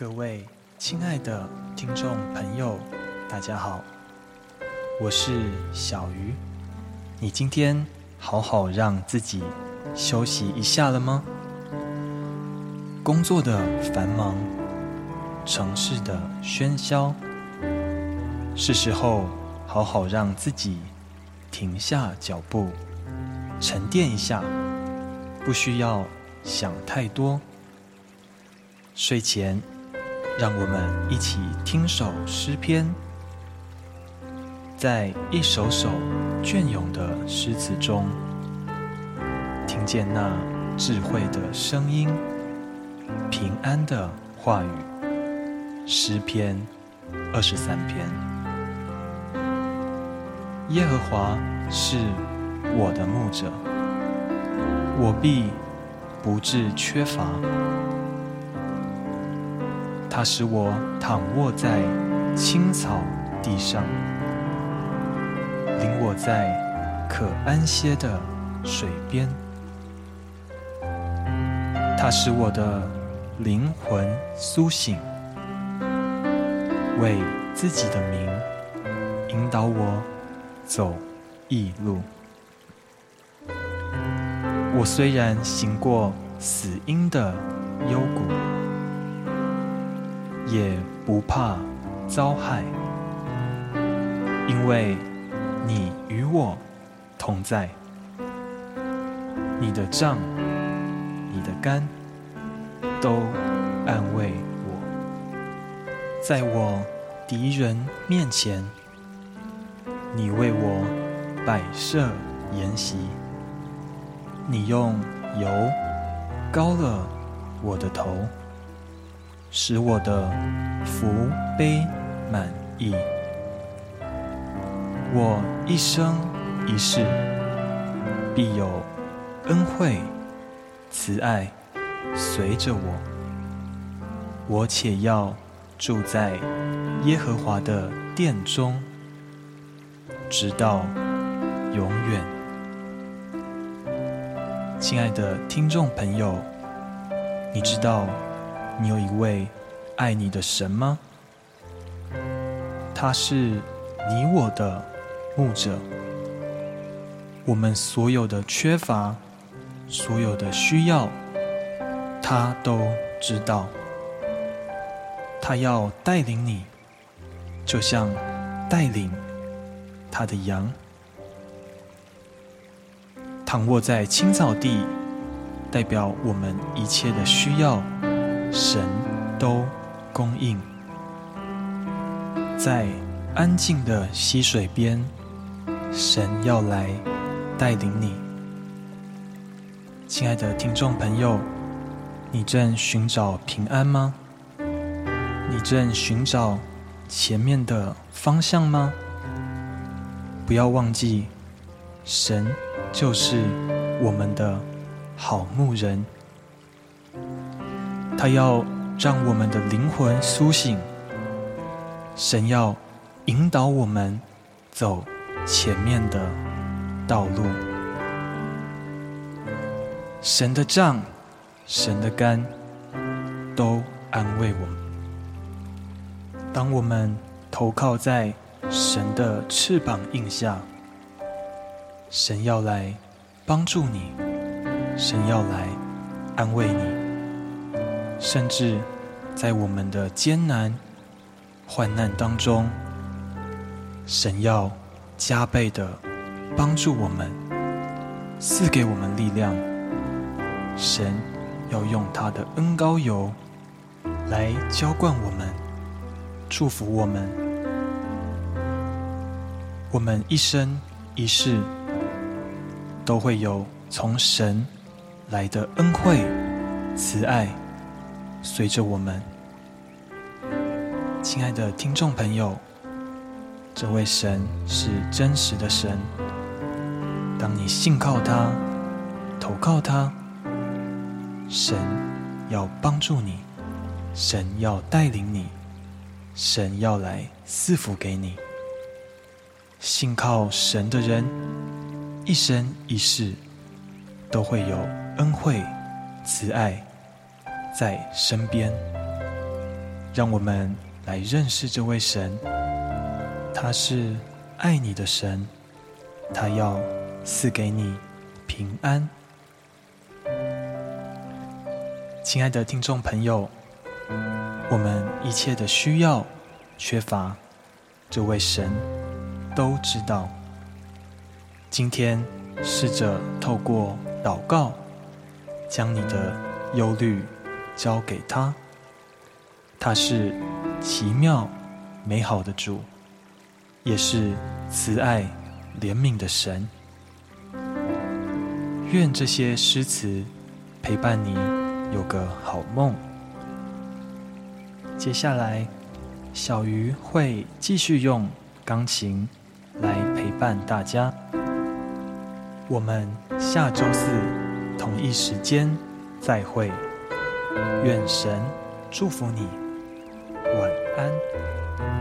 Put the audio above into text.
各位親愛的聽眾朋友，大家好，我是小魚。你今天好好讓自己休息一下了嗎？工作的繁忙，城市的喧囂，是時候好好讓自己停下腳步，沉澱一下，不需要想太多。睡前，讓我們一起聽首詩篇，在一首首雋永的詩詞中，聽見那智慧的聲音、平安的話語。詩篇二十三篇：耶和華是我的牧者，我必不致缺乏。他使我躺臥在青草地上，領我在可安歇的水邊。他使我的靈魂蘇醒，為自己的名引導我走義路。我雖然行過死蔭的幽谷。也不怕遭害，因為你與我同在。你的杖、你的竿都安慰我，在我敵人面前，你為我擺設筵席，你用油膏了我的頭。使我的福杯滿溢，我一生一世必有恩惠慈愛隨着我，我且要住在耶和華的殿中，直到永遠。親愛的聽眾朋友，你知道，你有一位愛你的神嗎？他是你我的牧者，我們所有的缺乏，所有的需要，他都知道。他要帶領你，就像帶領他的羊。躺臥在青草地，代表我們一切的需要。神都供應，在安靜的溪水邊，神要來帶領你。親愛的聽眾朋友，你正尋找平安嗎？你正尋找前面的方向嗎？不要忘記，神就是我們的好牧人。他要讓我們的靈魂甦醒，神要引導我們走前面的道路。神的杖、神的竿都安慰我們。當我們投靠在神的翅膀蔭下，神要來幫助你，神要來安慰你。甚至，在我們的艱難患難當中，神要加倍的幫助我們，賜給我們力量。神要用他的恩膏油來澆灌我們，祝福我們。我們一生一世都會有從神來的恩惠、慈愛。隨着我們，親愛的聽眾朋友，這位神是真實的神。當你信靠他、投靠他，神要幫助你，神要帶領你，神要來賜福給你。信靠神的人，一生一世都會有恩惠、慈愛。在身邊，讓我們來認識這位神。他是愛你的神，他要賜給你平安。親愛的聽眾朋友，我們一切的需要、缺乏，這位神都知道。今天試着透過禱告，將你的憂慮。交給他，他是奇妙美好的主，也是慈愛憐憫的神。願這些詩詞陪伴你有個好夢。接下來，小魚會繼續用鋼琴來陪伴大家。我們下周四同一時間再會。願神祝福你，晚安。